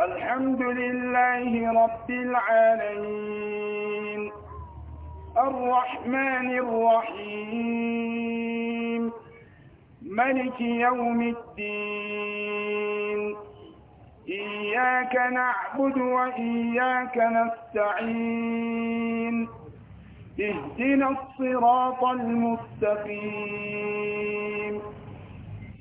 الحمد لله رب العالمين الرحمن الرحيم ملك يوم الدين إياك نعبد وإياك نستعين اهدنا الصراط المستقيم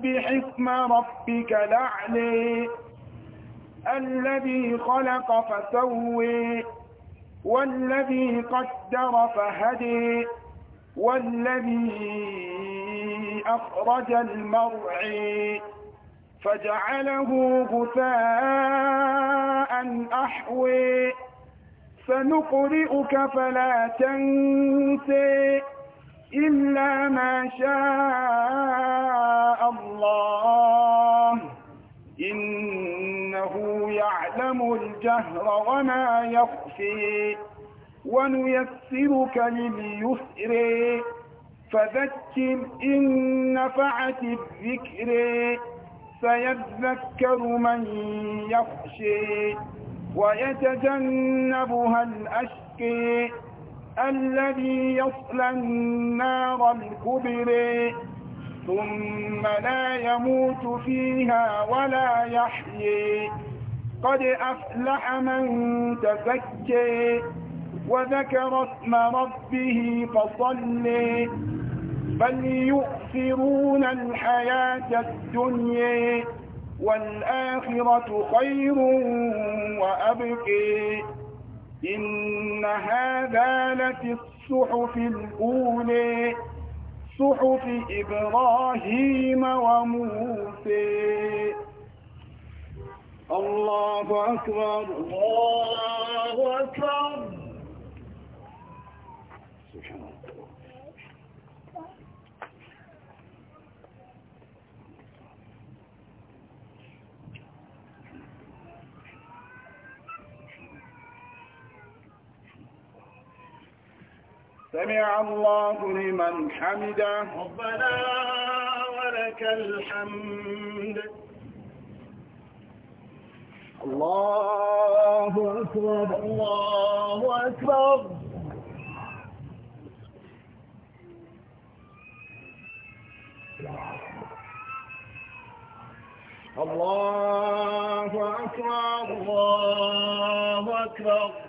فسبح اسم ربك لعلي الذي خلق فسوي والذي قدر فهدي والذي أخرج المرعي فجعله غثاء أحوي سنقرئك فلا تنسي إلا ما شاء الله إنه يعلم الجهر وما يخفي ونيسرك لليسر فذكر إن نفعت الذكر سيذكر من يخشي ويتجنبها الأشقي الذي يصلى النار الكبرى ثم لا يموت فيها ولا يحيي قد أفلح من تزكي وذكر اسم ربه فصلي بل يؤثرون الحياة الدنيا والآخرة خير وأبقي إن هذا لفي الصحف الأولى صحف إبراهيم وموسى الله أكبر الله أكبر سمع الله لمن حمده ربنا ولك الحمد الله أكبر الله أكبر الله أكبر الله أكبر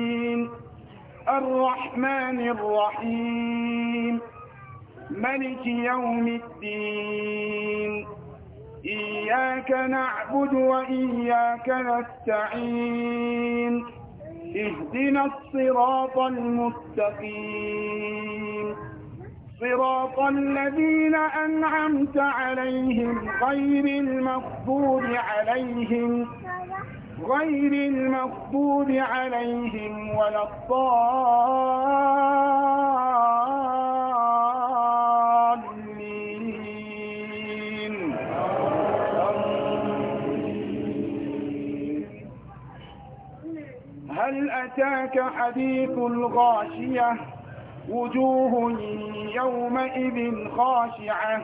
الرحمن الرحيم ملك يوم الدين إياك نعبد وإياك نستعين اهدنا الصراط المستقيم صراط الذين أنعمت عليهم غير المغضوب عليهم غير المغضوب عليهم ولا الضالين هل أتاك حديث الغاشية وجوه يومئذ خاشعة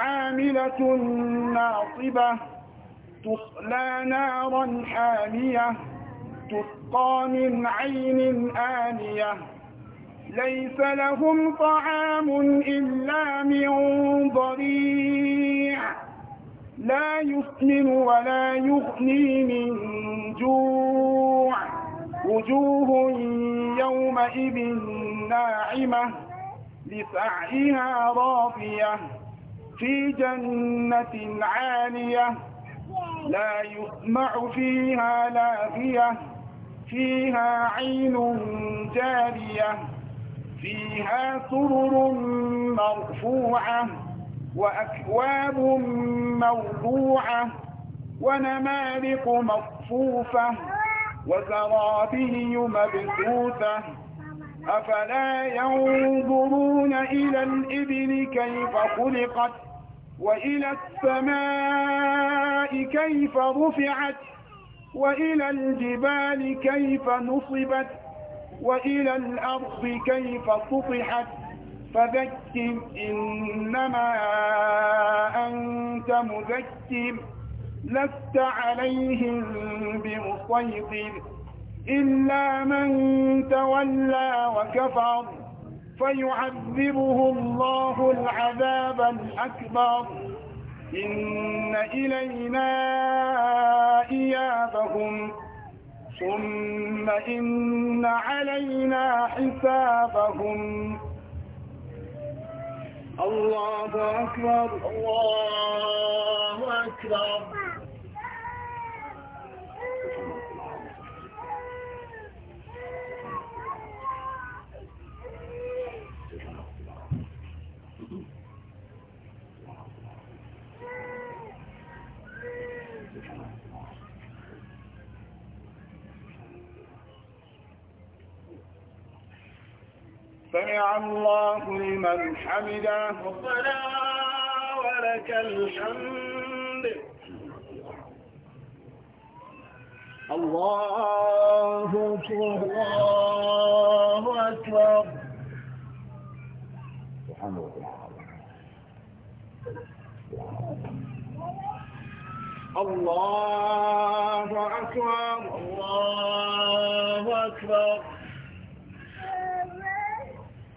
عاملة ناصبة تصلى نارا حامية تسقى من عين آنية ليس لهم طعام إلا من ضريع لا يسمن ولا يغني من جوع وجوه يومئذ ناعمة لسعيها راضية في جنة عالية لا يسمع فيها لاغية فيها عين جارية فيها سرر مرفوعة وأكواب موضوعة ونمارق مصفوفة وزرابي مبثوثة أفلا ينظرون إلى الإبل كيف خلقت وإلى السماء كيف رفعت وإلى الجبال كيف نصبت وإلى الأرض كيف سطحت فذكر إنما أنت مذكر لست عليهم بمسيطر إلا من تولى وكفر فيعذبه الله العذاب الأكبر إن إلينا إيابهم ثم إن علينا حسابهم الله أكبر الله أكبر سمع الله لمن حمده ربنا ولك الحمد الله أكبر الله أكبر سبحان الله أكبر الله أكبر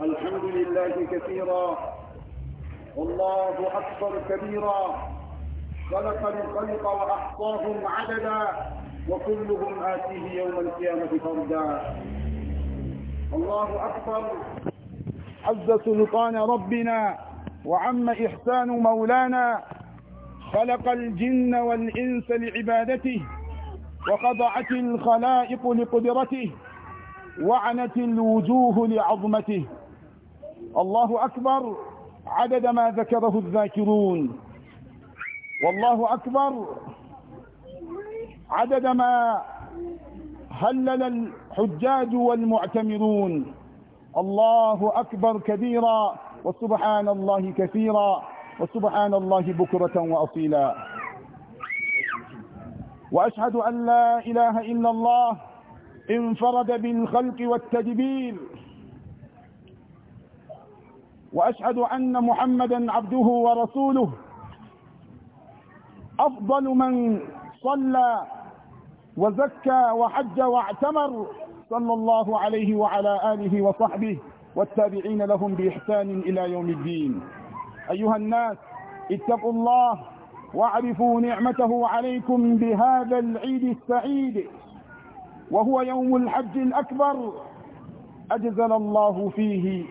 الحمد لله كثيرا والله أكبر كبيرا خلق الخلق وأحصاهم عددا وكلهم آتيه يوم القيامة فردا الله أكبر عز سلطان ربنا وعم إحسان مولانا خلق الجن والإنس لعبادته وخضعت الخلائق لقدرته وعنت الوجوه لعظمته الله أكبر عدد ما ذكره الذاكرون والله أكبر عدد ما هلل الحجاج والمعتمرون الله أكبر كبيرا وسبحان الله كثيرا وسبحان الله بكرة وأصيلا وأشهد أن لا إله إلا الله انفرد بالخلق والتدبير وأشهد أن محمدا عبده ورسوله أفضل من صلى وزكى وحج واعتمر صلى الله عليه وعلى آله وصحبه والتابعين لهم بإحسان إلى يوم الدين أيها الناس اتقوا الله واعرفوا نعمته عليكم بهذا العيد السعيد وهو يوم الحج الأكبر أجزل الله فيه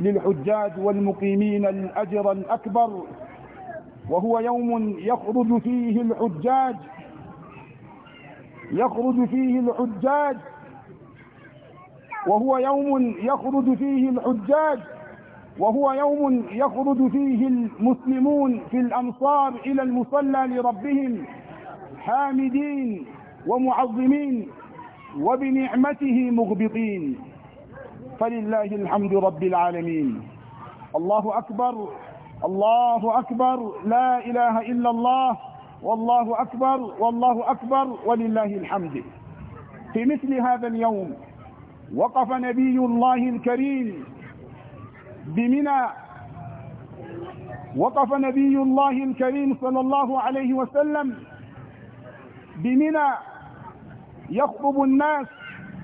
للحجاج والمقيمين الأجر الأكبر وهو يوم يخرج فيه الحجاج يخرج فيه الحجاج وهو يوم يخرج فيه الحجاج وهو يوم يخرج فيه المسلمون في الأمصار إلى المصلى لربهم حامدين ومعظمين وبنعمته مغبطين فلله الحمد رب العالمين الله أكبر الله أكبر لا إله إلا الله والله أكبر والله أكبر ولله الحمد في مثل هذا اليوم وقف نبي الله الكريم بمنى وقف نبي الله الكريم صلى الله عليه وسلم بمنى يخطب الناس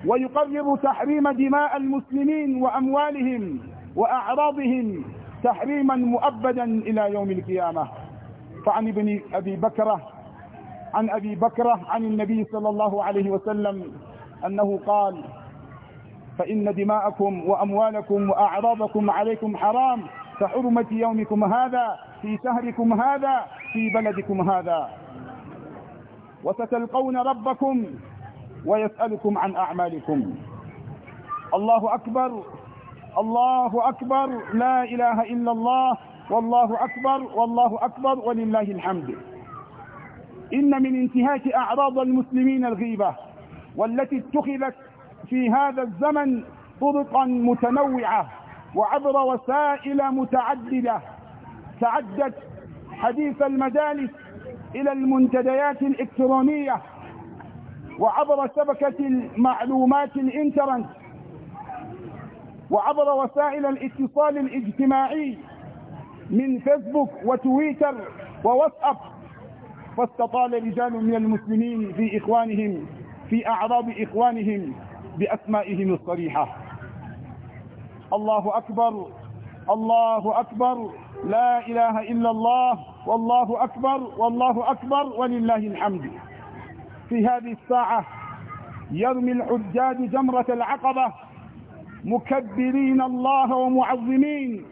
ويقرر تحريم دماء المسلمين وأموالهم وأعراضهم تحريما مؤبدا إلى يوم القيامة فعن ابن أبي بكرة عن أبي بكرة عن النبي صلى الله عليه وسلم أنه قال فإن دماءكم وأموالكم وأعراضكم عليكم حرام كحرمة يومكم هذا في شهركم هذا في بلدكم هذا وستلقون ربكم ويسألكم عن أعمالكم الله أكبر الله أكبر لا إله إلا الله والله أكبر والله أكبر ولله الحمد إن من انتهاك أعراض المسلمين الغيبة والتي اتخذت في هذا الزمن طرقا متنوعة وعبر وسائل متعددة تعدت حديث المجالس إلى المنتديات الإلكترونية وعبر شبكة المعلومات الانترنت وعبر وسائل الاتصال الاجتماعي من فيسبوك وتويتر وواتساب فاستطال رجال من المسلمين في إخوانهم في أعراب إخوانهم بأسمائهم الصريحة الله أكبر الله أكبر لا إله إلا الله والله أكبر والله أكبر ولله الحمد في هذه الساعة يرمي الحجاج جمرة العقبة مكبرين الله ومعظمين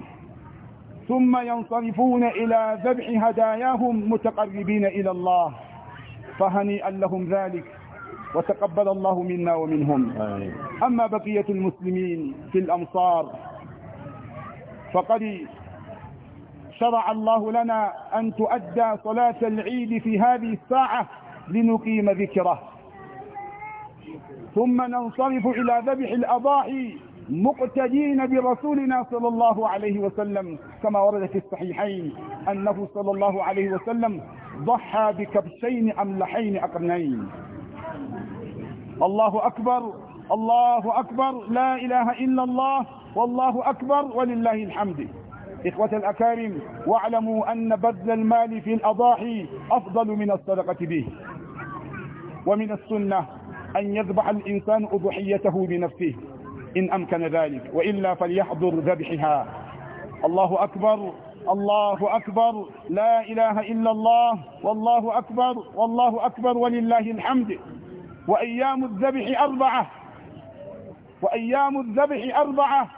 ثم ينصرفون إلى ذبح هداياهم متقربين إلى الله فهنيئا لهم ذلك وتقبل الله منا ومنهم أما بقية المسلمين في الأمصار فقد شرع الله لنا أن تؤدى صلاة العيد في هذه الساعة لنقيم ذكره ثم ننصرف إلى ذبح الأضاحي مقتدين برسولنا صلى الله عليه وسلم كما ورد في الصحيحين أنه صلى الله عليه وسلم ضحى بكبشين أملحين أقرنين الله أكبر الله أكبر لا إله إلا الله والله أكبر ولله الحمد إخوة الأكارم واعلموا أن بذل المال في الأضاحي أفضل من الصدقة به ومن السنة أن يذبح الإنسان أضحيته بنفسه إن أمكن ذلك وإلا فليحضر ذبحها الله أكبر الله أكبر لا إله إلا الله والله أكبر والله أكبر ولله الحمد وأيام الذبح أربعة وأيام الذبح أربعة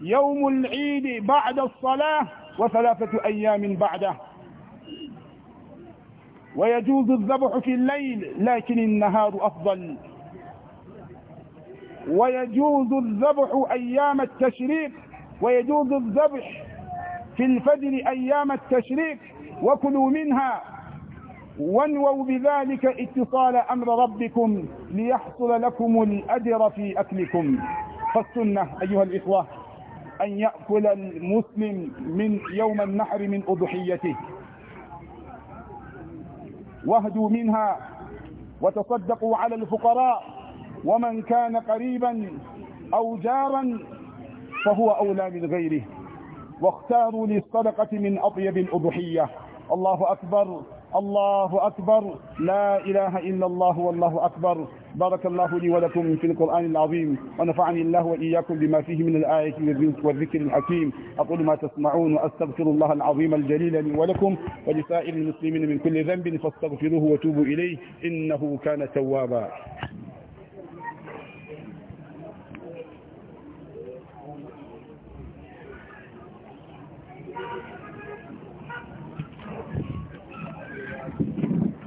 يوم العيد بعد الصلاة وثلاثة أيام بعده ويجوز الذبح في الليل لكن النهار أفضل ويجوز الذبح أيام التشريق ويجوز الذبح في الفجر أيام التشريق وكلوا منها وانووا بذلك اتصال أمر ربكم ليحصل لكم الأجر في أكلكم فالسنة أيها الإخوة أن يأكل المسلم من يوم النحر من أضحيته واهدوا منها وتصدقوا على الفقراء ومن كان قريبا أو جارا فهو أولى من غيره واختاروا للصدقة من أطيب الأضحية الله أكبر الله أكبر لا إله إلا الله والله أكبر بارك الله لي ولكم في القرآن العظيم ونفعني الله وإياكم بما فيه من الآية والذكر الحكيم أقول ما تسمعون وأستغفر الله العظيم الجليل لي ولكم ولسائر المسلمين من كل ذنب فاستغفروه وتوبوا إليه إنه كان توابا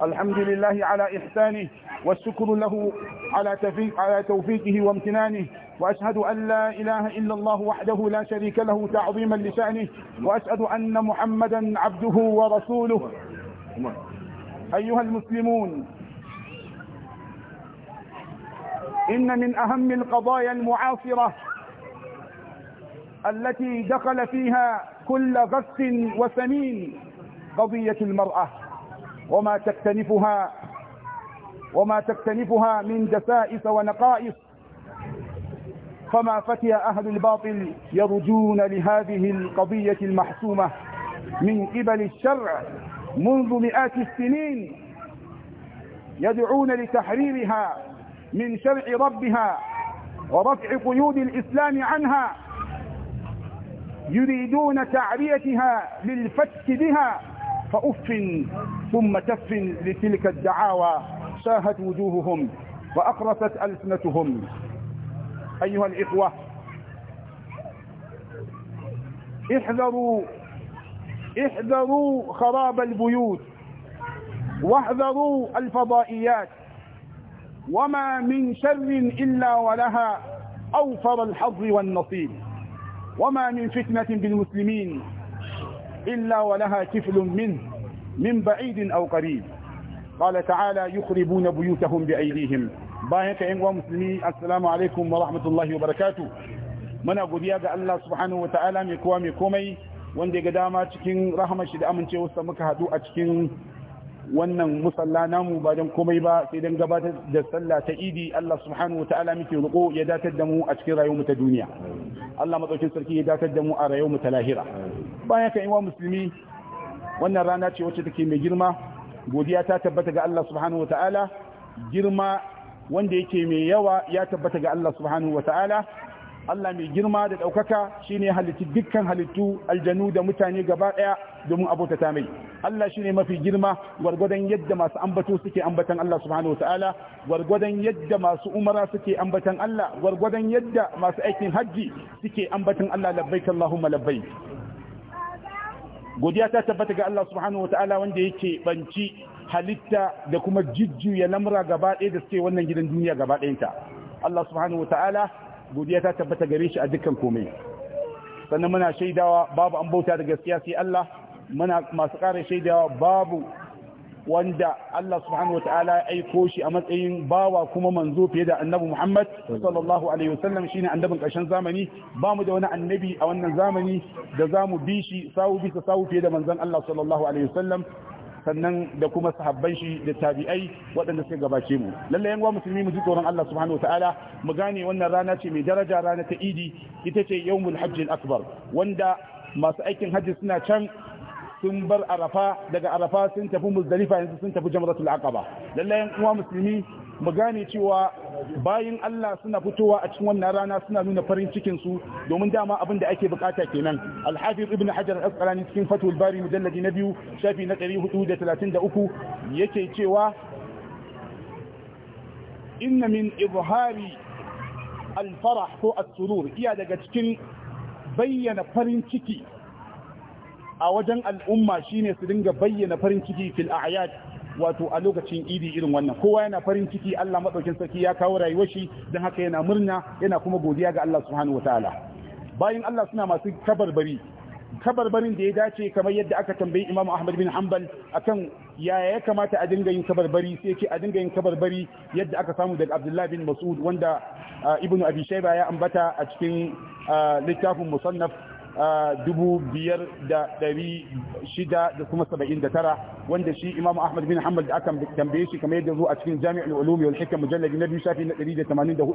الحمد لله على إحسانه والشكر له على توفيقه وامتنانه وأشهد أن لا إله إلا الله وحده لا شريك له تعظيما لشأنه وأشهد أن محمدا عبده ورسوله أيها المسلمون إن من أهم القضايا المعاصرة التي دخل فيها كل غث وثمين قضية المرأة وما تكتنفها وما تكتنفها من دسائس ونقائص فما فتي أهل الباطل يرجون لهذه القضية المحسومة من قبل الشرع منذ مئات السنين يدعون لتحريرها من شرع ربها ورفع قيود الإسلام عنها يريدون تعريتها للفتك بها فأف ثم تف لتلك الدعاوى شاهت وجوههم وأقرفت ألسنتهم أيها الإخوة احذروا احذروا خراب البيوت واحذروا الفضائيات وما من شر إلا ولها أوفر الحظ والنصيب وما من فتنة بالمسلمين إلا ولها كفل منه من بعيد أو قريب قال تعالى يخربون بيوتهم بأيديهم باهك إنوا مسلمي السلام عليكم ورحمة الله وبركاته muna godiya ga Allah subhanahu wataala mai kowa mai komai wanda ya dama cikin rahama shi da amincewarsa muka hadu a cikin wannan musalla namu ba don komai ba sai don gabatar da sallah ta idi Allah subhanahu wa ta'ala muke roƙo ya datar da mu a cikin rayuwarmu ta duniya Allah madaukin sarki ya datar da mu a rayuwarmu ta lahira bayan kan iwa musulmi wannan rana ce wacce take mai girma godiya ta tabbata ga Allah subhanahu wa ta'ala girma wanda yake mai yawa ya tabbata ga Allah subhanahu wa ta'ala Allah mai girma da ɗaukaka shine halittu dukkan halittu aljanu da mutane gaba ɗaya domin abota ta mai Allah shi ne mafi girma gwargwadon yadda masu ambato suke ambatan Allah subhanahu wataala gwargwadon yadda masu umara suke ambatan Allah gwargwadon yadda masu aikin hajji suke ambatan Allah labbaik Allahumma labbaik godiya ta tabbata ga Allah subhanahu wataala wanda yake banci halitta da kuma jijjuya lamura gaba ɗaya da suke wannan gidan duniya gaba ɗayanta Allah subhanahu wataala godiya ta tabbata gare shi a dukkan komai sannan muna shaidawa babu an bauta da gaskiya sai Allah muna masu ƙara shaida babu wanda Allah subhanahu wa ta'ala ya aiko shi a matsayin bawa kuma manzo fiye da annabi Muhammad sallallahu alaihi wasallam shine annabin ƙarshen zamani ba mu da wani annabi a wannan zamani da za mu bi shi sawu bisa sawu fiye da manzon Allah sallallahu alaihi wasallam sannan da kuma sahabban shi da tabi'ai waɗanda suka gabace mu lallai yan musulmi mu ji tsoron Allah subhanahu ta'ala mu gane wannan rana ce mai daraja rana ta idi ita ce yawmul hajj akbar wanda masu aikin hajji suna can sun bar arafa daga arafa sun tafi muzdalifa yanzu sun tafi jamaratul aqaba lallai kuma musulmi mu gane cewa bayan Allah suna fitowa a cikin wannan rana suna nuna farin cikin su domin dama abin da ake bukata kenan al-hafiz ibn hajar al-asqalani cikin fatul bari mujalladi na biyu shafi na 433 yake cewa inna min izhari al-farah ko as-surur iya daga cikin bayyana farin ciki a wajen al'umma shine su dinga bayyana farin ciki fil a'yad wato a lokacin idi irin wannan kowa yana farin ciki Allah madaukin sarki ya kawo rayuwar shi dan haka yana murna yana kuma godiya ga Allah subhanahu wataala bayan Allah suna masu kabarbari kabarbarin da ya dace kamar yadda aka tambayi Imam Ahmad bin Hanbal akan yaya ya kamata a dinga yin kabarbari sai yake a dinga yin kabarbari yadda aka samu daga Abdullah bin Mas'ud wanda ah, Ibn Abi Shayba ya ambata a cikin ah, littafin Musannaf dubu da ɗari wanda shi imam ahmad bin hamad da aka tambaye shi kamar yadda zo a cikin jami'ar ulumi wal hikam mujalladi na biyu shafi na ɗari da tamanin da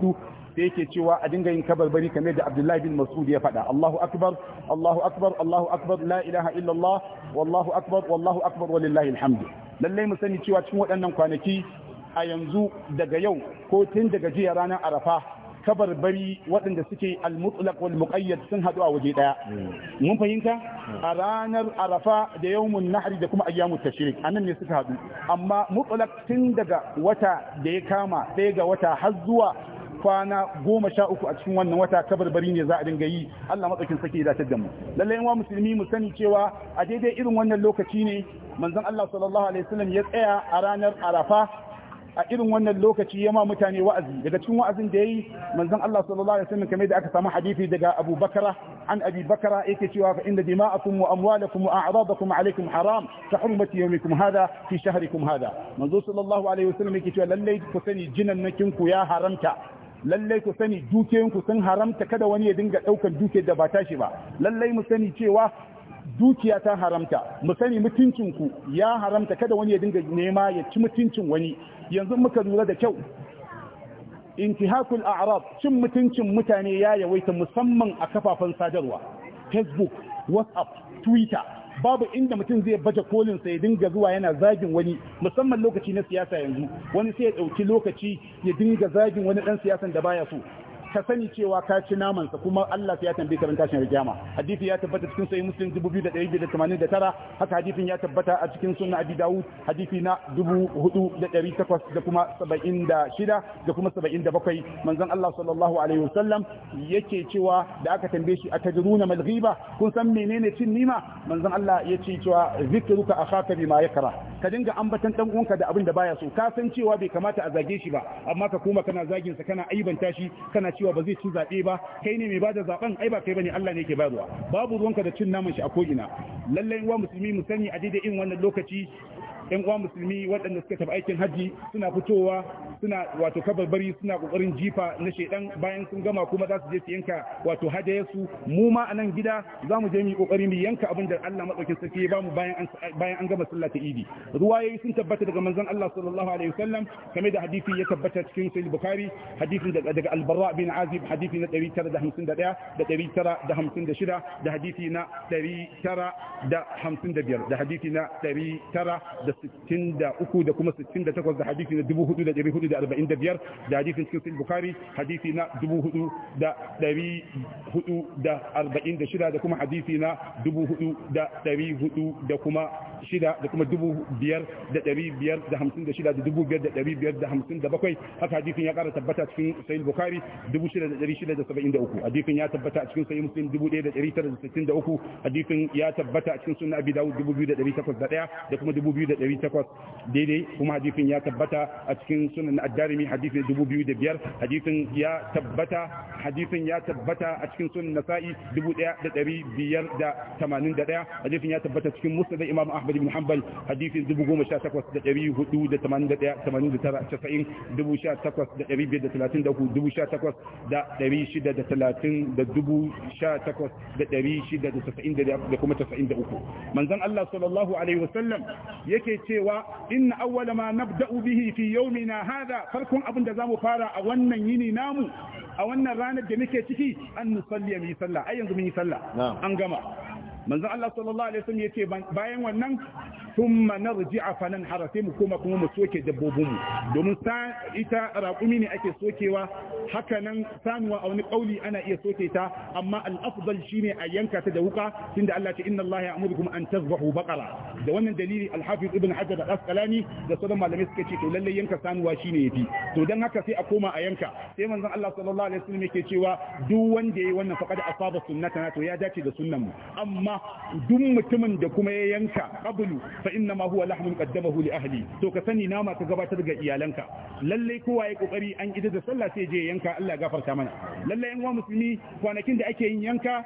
yake cewa a dinga yin kabarbari kamar yadda abdullahi bin mas'ud ya faɗa allahu akbar allahu akbar allahu akbar la ilaha illallah wallahu akbar wallahu akbar walillahi alhamdu lallai mu sani cewa cikin waɗannan kwanaki a yanzu daga yau ko tun daga jiya ranar arafa kabar bari waɗanda suke al-mutlaq wal muqayyad sun hadu a waje daya hmm. mun fahimta hmm. a ranar arafa da yawmun nahri da kuma ayyamut tashrik anan ne suka hadu amma mutlaq tun daga wata da ya kama sai ga wata har zuwa kwana goma sha uku a cikin wannan wata kabar bari ne za a dinga yi Allah matsakin sake ya dace da mu lallai wa musulmi mu sani cewa a daidai irin wannan lokaci ne manzon Allah sallallahu alaihi wasallam ya tsaya a ranar Arafa a irin wannan lokaci ya ma mutane wa'azi daga cikin wa'azin da yayi manzon Allah sallallahu alaihi wasallam kamar da aka samu hadisi daga Abu Bakara an Abi Bakara yake cewa fa inda dima'akum wa amwalakum wa a'radakum alaikum haram ta hurmati yawmikum hada fi shahrikum hada manzo sallallahu alaihi wasallam yake cewa lalle ku sani jinan nakin ku ya haramta lallai ku sani dukiyoyinku sun haramta kada wani ya dinga daukan dukiyar da ba tashi ba lallai mu sani cewa dukiya ta haramta mu sani mutuncinku ya haramta kada wani ya dinga nema ya ci mutuncin wani yanzu muka lura da kyau intihakul a'rab cin mutuncin mutane ya yawaita musamman a kafafen sadarwa facebook whatsapp twitter babu inda mutum zai baje kolin ya dinga zuwa yana zagin wani musamman lokaci na siyasa yanzu wani sai ya dauki lokaci ya dinga zagin wani dan siyasan da baya so ka sani cewa ka ci namansa kuma Allah ya tambaye ka ran tashin kiyama hadisi ya tabbata cikin sahih muslim 2289 haka hadisin ya tabbata a cikin sunan abi daud hadisi na 4800 da kuma 76 da kuma 77 manzon Allah sallallahu alaihi wasallam yake cewa da aka tambaye shi atajruna mal ghiba kun san menene cin nima manzon Allah yace cewa zikruka akhaka bima yakra ka dinga ambatan dan uwanka da abin da baya so ka san cewa bai kamata a zage shi ba amma ka koma kana zagin sa kana aibanta shi kana cewa cewa ba zai ci zaɓe ba kai ne mai da zaɓen ai ba kai bane Allah ne yake bayarwa babu ruwanka da cin naman shi a ko'ina lallai wa musulmi mu sani a daidai irin wannan lokaci yan uwa musulmi waɗanda suka tafi aikin haji suna fitowa suna wato kabarbari suna kokarin jifa na shedan bayan sun gama kuma za su je su yanka wato su mu ma a nan gida za mu je mu kokari mu yanka abin da Allah madaukakin sarki ya bamu bayan an bayan an gama sallah ta idi ruwayoyi sun tabbata daga manzon Allah sallallahu alaihi wasallam kame da hadisi ya tabbata cikin sahih bukhari hadisi daga al-barra bin azib hadisi na 951 da 956 da hadisi na 955 da hadisi na 900 63 da kuma 68 da hadisi na 4445 da hadisin cikin sahih bukhari hadisi na 4446 da kuma hadisi na 4400 da kuma shida da kuma dubu biyar da ɗari biyar da hamsin da shida da dubu biyar da ɗari biyar da hamsin da bakwai haka Hadifin ya ƙara tabbata cikin sahih bukhari dubu shida da ɗari shida da saba'in da uku Hadifin ya tabbata a cikin sahih muslim dubu ɗaya da ɗari tara da sittin da uku Hadifin ya tabbata a cikin sunan abi dawud dubu biyu da ɗari takwas da ɗaya da kuma dubu biyu da ɗari takwas daidai kuma Hadifin ya tabbata a cikin sunan addarimi Hadifin dubu biyu da biyar Hadifin ya tabbata Hadifin ya tabbata a cikin sunan nasa'i dubu ɗaya da ɗari biyar da tamanin da ɗaya hadisin ya tabbata cikin musulun imam ahmad Ahmad ibn Hanbal hadisin 18693 manzan Allah sallallahu alaihi wasallam yake cewa inna awwala ma nabda'u bihi fi yawmina hada farkon abin da zamu fara a wannan yini namu a wannan ranar da muke ciki an nusalli mu yi sallah ai yanzu mun yi sallah an gama manzon Allah sallallahu alaihi wasallam yace bayan wannan thumma narji'a fa nanhara sai mu koma kuma mu soke dabbobin mu domin sa ita raqumi ne ake sokewa haka nan sanuwa a wani kauli ana iya soke ta amma al-afdal shine a yanka ta da wuka tunda Allah ce inna Allah ya'murukum an tazbahu baqara da wannan dalili al-hafiz ibn hajar al-asqalani da sauran malamai suka ce to lalle yanka sanuwa shine yafi to dan haka sai a koma a yanka sai manzon Allah sallallahu alaihi wasallam yake cewa duk wanda yayi wannan faqad asaba sunnatana to ya dace da sunnan mu amma kuma duk mutumin da kuma ya yanka qablu fa inna ma huwa lahmun qaddamahu li ahli to ka sani nama ka gabatar ga iyalanka lalle kowa ya kokari an ida da sallah sai je yanka Allah gafarta mana lalle yan musulmi kwanakin da ake yin yanka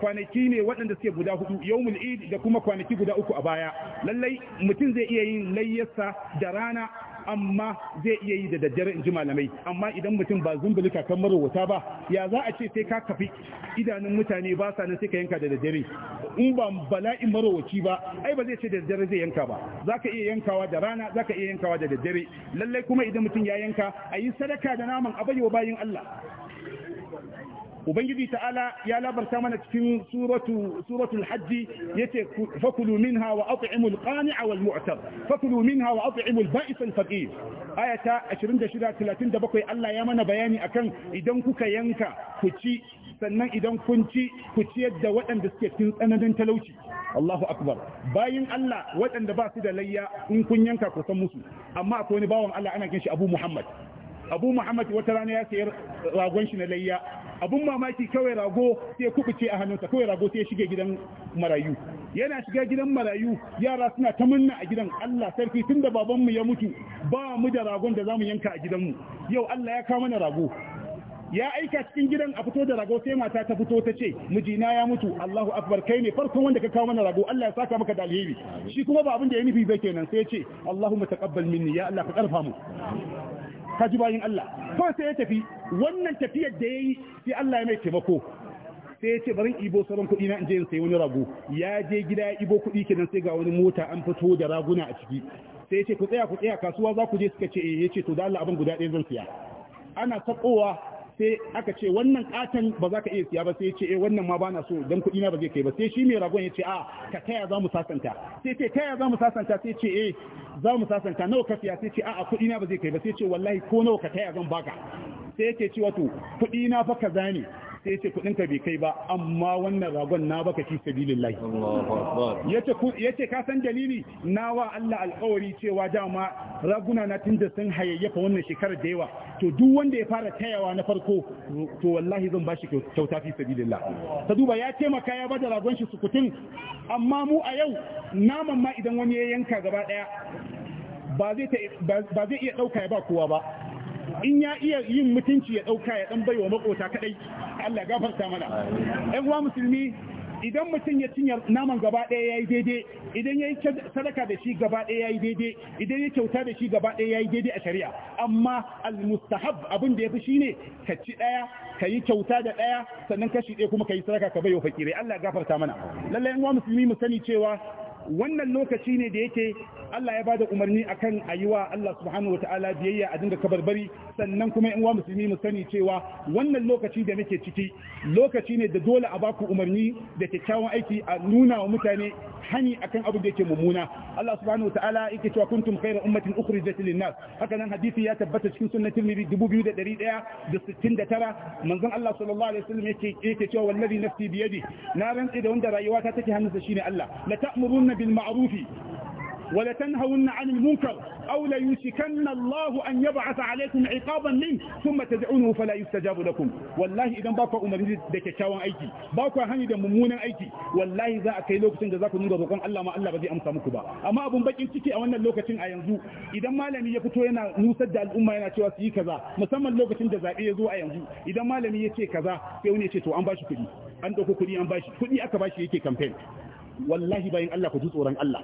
kwanaki ne waɗanda suke guda hudu yawmul eid da kuma kwanaki guda uku a baya lalle mutum zai iya yin layyarsa da rana amma zai iya yi da daddare in ji malamai amma idan mutum ba zumbuli kakan marowata ba ya za a ce sai ka kafi idanun mutane ba sa nan sai ka yanka da daddare in ba bala'in marowaci ba ai ba zai ce da daddare zai yanka ba za ka iya yankawa da rana za ka iya yankawa da daddare lallai kuma idan mutum ya yanka a yi sadaka da naman abaiwa bayan Allah ubangiji ta'ala ya labarta mana cikin suratu suratul hajji yace fakulu minha wa at'imul qani'a wal mu'tar fakulu minha wa at'imul ba'is al faqir ayata 26 37 Allah ya mana bayani akan idan kuka yanka ku ci sannan idan kun ci ku ciyar da waɗanda suke cikin tsananin talauci Allahu akbar bayin Allah waɗanda ba su da layya in kun yanka ku san musu amma akwai wani bawan Allah ana kin shi Abu Muhammad Abu Muhammad wata rana ya sayar ragon shi na layya abun mamaki kawai rago sai kubuce a hannunsa kawai rago sai shige gidan marayu yana shiga gidan marayu yara suna ta munna a gidan Allah sarki tun tunda babanmu ya mutu ba mu da ragon da zamu yanka a gidanmu yau Allah ya kawo mana rago ya aika cikin gidan a fito da rago sai mata ta fito ta ce mijina ya mutu Allahu akbar kai ne farkon wanda ka kawo mana rago Allah ya saka maka da shi kuma ba abin da ya nufi ba kenan sai ya ce Allahumma taqabbal minni ya Allah ka karfa mu ka ji bayin Allah kawai sai ya tafi wannan tafiyar da ya yi sai Allah ya mai taimako sai ya ce barin ibo sauran kuɗi na inje in sai wani rago ya je gida ya ibo kuɗi kenan sai ga wani mota an fito da raguna a ciki sai ya ce ku tsaya ku tsaya kasuwa za ku je suka ce eh ya ce to da Allah abin guda ɗaya zan siya ana saɓowa. sai aka ce wannan katan ba za ka iya siya ba sai ce eh wannan ma bana so dan kuɗi na ba zai kai ba sai shi mai ragon ya ce a ah, ka taya za mu sasanta sai ce taya za mu sasanta sai ce eh za mu sasanta nawa ka siya sai ce a a kuɗi na ba zai kai ba sai ce wallahi ko nawa ka taya zan baka sai yake ce wato kuɗi na fa kaza ne sai yace kudin ka bai kai ba amma wannan ragon na baka fi sabilillah yace yace ka san dalili wa Allah alƙawari cewa dama raguna na tunda sun hayayyafa wannan shekarar da yawa to duk wanda ya fara tayawa na farko to wallahi zan bashi kyauta fi lai ta duba ya taimaka ya bada ragon shi sukutun amma mu a yau naman ma idan wani ya yanka gaba daya ba zai iya ɗauka ya ba kowa ba in ya iya yin mutunci ya ɗauka ya ɗan baiwa makota kaɗai Allah gafarta mana ‘yan uwa musulmi idan mutum ya cinye naman gaba ɗaya ya yi daidai idan ya yi sadaka da shi gaba ɗaya ya yi daidai idan ya kyauta da shi gaba ɗaya ya yi daidai a shari'a amma al-mustahab abin da ya fi ne, ka ci ɗaya ka yi kyauta da ɗaya sannan kashi ɗaya kuma ka yi sadaka ka baiwa fakirai Allah ya gafarta mana lallai yan uwa musulmi mu sani cewa wannan lokaci ne da yake Allah ya bada umarni akan ayiwa Allah subhanahu wataala biyayya a dinga kabarbari sannan kuma in wa musulmi mu sani cewa wannan lokaci da muke ciki lokaci ne da dole a baku umarni da kyakkyawan aiki a nuna wa mutane hani akan abu da yake mummuna Allah subhanahu wataala yake cewa kuntum khayra ummatin ukhrijat lin-nas haka nan hadisi ya tabbata cikin sunnat Tirmidhi 2169 manzon Allah sallallahu alaihi wasallam yake yake cewa wallazi nafsi biyadi na rantsi da wanda rayuwata ta take hannunsa shine Allah la ta'muruna bil ma'rufi ولتنهون عن المنكر أو ليوشكن الله أن يبعث عليكم عقابا منه ثم تدعونه فلا يستجاب لكم والله إذا باكو أمري دكتاوان أيكي باكو هني دا ممونا أيكي والله إذا أكيلوك تنجزاك ننجا ذكوان الله ما الله بذي أمسا مكبا أما أبو مبكي انتكي أولا لوكا تن أينزو إذا ما لم يفتو ينا نوسد الأمة ينا تواسي كذا مسمى لوكا تنجزا إيزو أينزو إذا ما لم يتي كذا يوني يتي أن باشي كدي أن دوكو كدي أن باشي كدي أكباشي يكي كامبين wallahi bayan Allah ku ji tsoron Allah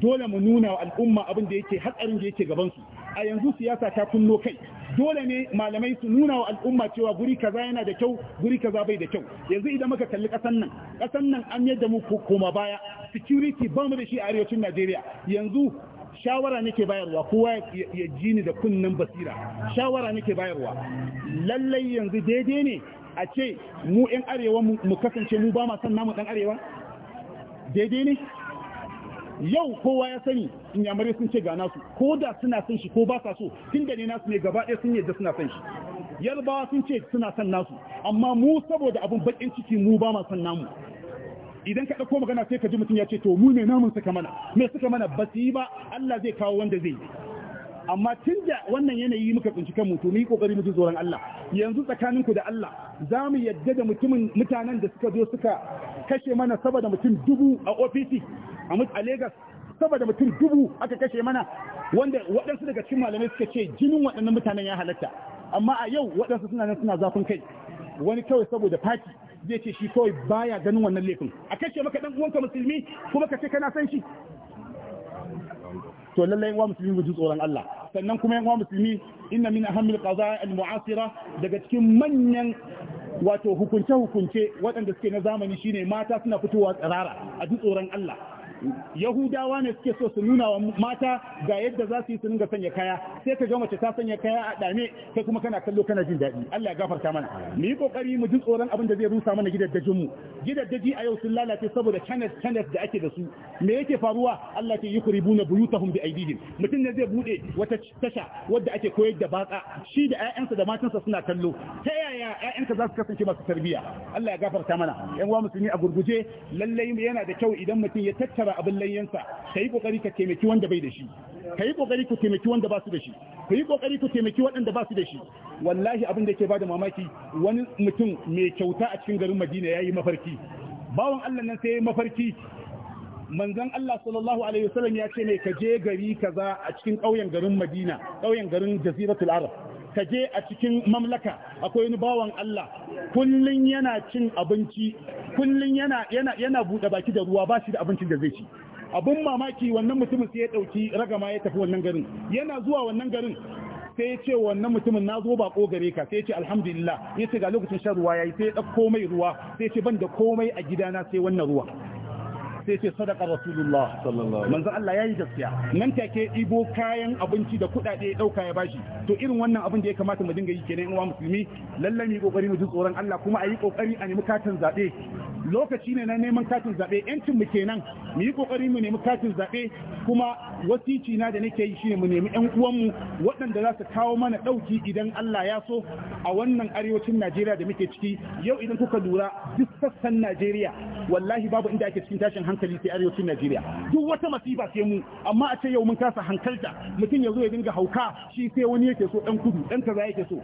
dole mu nuna wa al'umma abin da yake hatsarin da yake gabansu a yanzu siyasa ta kunno kai dole ne malamai su nuna wa al'umma cewa guri kaza yana da kyau guri kaza bai da kyau yanzu idan muka kalli kasan nan kasan nan an yadda mu koma baya security ba mu da shi a arewacin Najeriya yanzu shawara nake bayarwa kowa ya ji ni da kunnen basira shawara nake bayarwa lallai yanzu daidai ne a ce mu 'yan arewa mu kasance mu ba ma san namu ɗan arewa daidai ne yau kowa ya sani inyamurai sun ce ga nasu ko da suna san shi ko ba sa so tun da ne nasu ne gaba ɗaya sun yadda suna son shi yarbawa sun ce suna san nasu amma mu saboda abin bakin ciki mu ba ma son namu idan ka ɗauko magana sai ka ji mutum ya ce to mu ne namun suka mana me suka mana ba su yi ba Allah zai kawo wanda zai yi amma tun da wannan yanayi muka tsinci kan mutum yi kokari mutum tsoron Allah yanzu tsakaninku da Allah za mu yadda da mutumin mutanen da suka zo suka kashe mana saboda mutum dubu a ofisi a Lagos saboda mutum dubu aka kashe mana wanda waɗansu daga cikin malamai suka ce jinin waɗannan mutanen ya halatta amma a yau waɗansu suna nan suna zafin kai wani kawai saboda faki zai ce shi kawai baya ganin wannan laifin a kashe maka dan uwanka musulmi kuma ka ce kana san shi to lallai wa musulmi mu ji tsoron Allah sannan kuma yan uwa musulmi inna min ahammil qada'i al-mu'asira daga cikin manyan wato hukunce-hukunce waɗanda suke na zamani shine mata suna fitowa tsirara a ji tsoron Allah yahudawa ne suke so su nuna wa mata ga yadda za su yi su dinga sanya kaya sai ka mace ta sanya kaya a dame sai kuma kana kallo kana jin daɗi Allah ya gafarta mana mu yi kokari mu jin tsoron abin da zai rusa mana gidaddajin mu gidaddaji a yau sun lalace saboda channels canes da ake da su me yake faruwa Allah ke yukribuna buyutahum bi aidihim mutum ne zai bude wata tasha wadda ake koyar da baka shi da ƴaƴansa da matansa suna kallo ta yaya ƴaƴanka za su kasance masu tarbiya? Allah ya gafarta mana yan uwa musulmi a gurguje lalle yana da kyau idan mutum ya tattara tara abin layyansa ka yi kokari ka taimaki wanda bai da shi ka yi kokari ku taimaki wanda ba su da shi ku yi kokari ku taimaki waɗanda ba su da shi wallahi abin da ke bada mamaki wani mutum mai kyauta a cikin garin Madina yi mafarki bawon Allah nan sai mafarki manzon Allah sallallahu alaihi wasallam ya ce ne ka je gari kaza a cikin ƙauyen garin Madina ƙauyen garin Jaziratul Arab ka je a cikin mamlaka akwai wani bawan Allah kullun yana cin abinci kullun yana yana yana bude baki da ruwa ba shi da abincin da zai ci abun mamaki wannan mutumin sai ya dauki ragama ya tafi wannan garin yana zuwa wannan garin sai ya ce wannan mutumin na zo bako gare ka sai ya ce alhamdulillah ya ce ga lokacin shan ruwa ya yi sai ya ɗauko mai ruwa sai ya ce ban da komai a gidana sai wannan ruwa sai ce sadaka rasulullah manzo Allah yayi gaskiya nan take ibo kayan abinci da kudade dauka ya bashi to irin wannan abin da ya kamata mu dinga yi kenan in wa musulmi lalle mu kokari mu ji tsoron Allah kuma ayi kokari a nemi katin zabe lokaci ne na neman katin zabe yancin mu kenan mu yi kokari mu nemi katin zabe kuma wasici na da nake yi shine mu nemi ƴan uwanmu waɗanda za su kawo mana ɗauki idan Allah ya so a wannan arewacin Najeriya da muke ciki yau idan kuka lura duk sassan Najeriya wallahi babu inda ake cikin tashin hankali sai arewacin Najeriya duk wata masifa sai mu amma a ce yau mun kasa hankalta mutum ya zo ya dinga hauka shi sai wani yake so ɗan kudu ɗan kaza yake so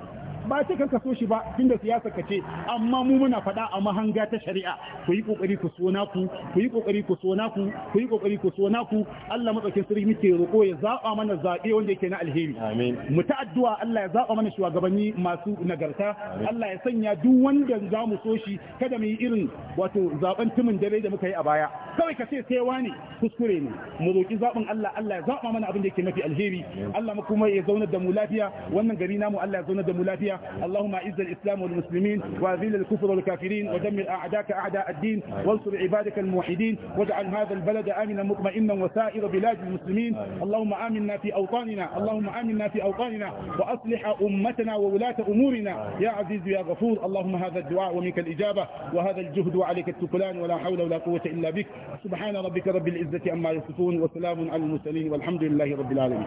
ba ce kanka so shi ba tunda siyasa ka ce amma mu muna faɗa a mahanga ta shari'a ku yi kokari ku so naku ku yi kokari ku so naku ku yi kokari ku so naku Allah madaukakin sarki muke roƙo ya zaba mana zabe wanda yake na alheri amin mu ta addu'a Allah ya zaba mana shugabanni masu nagarta Allah ya sanya duk wanda za mu so shi kada mu yi irin wato zaben tumin dare da muka yi a baya kawai ka ce sai wani kuskure ne mu roƙi zaɓin Allah Allah ya zaba mana abin da yake mafi alheri Allah kuma ya zaunar da mu lafiya wannan gari namu Allah ya zaunar da mu lafiya اللهم أعز الإسلام والمسلمين وأذل الكفر والكافرين ودمر أعداك أعداء الدين وانصر عبادك الموحدين واجعل هذا البلد آمنا مطمئنا وسائر بلاد المسلمين اللهم آمنا في أوطاننا اللهم آمنا في أوطاننا وأصلح أمتنا وولاة أمورنا يا عزيز يا غفور اللهم هذا الدعاء ومنك الإجابة وهذا الجهد وعليك التكلان ولا حول ولا قوة إلا بك سبحان ربك رب العزة عما يصفون وسلام على المرسلين والحمد لله رب العالمين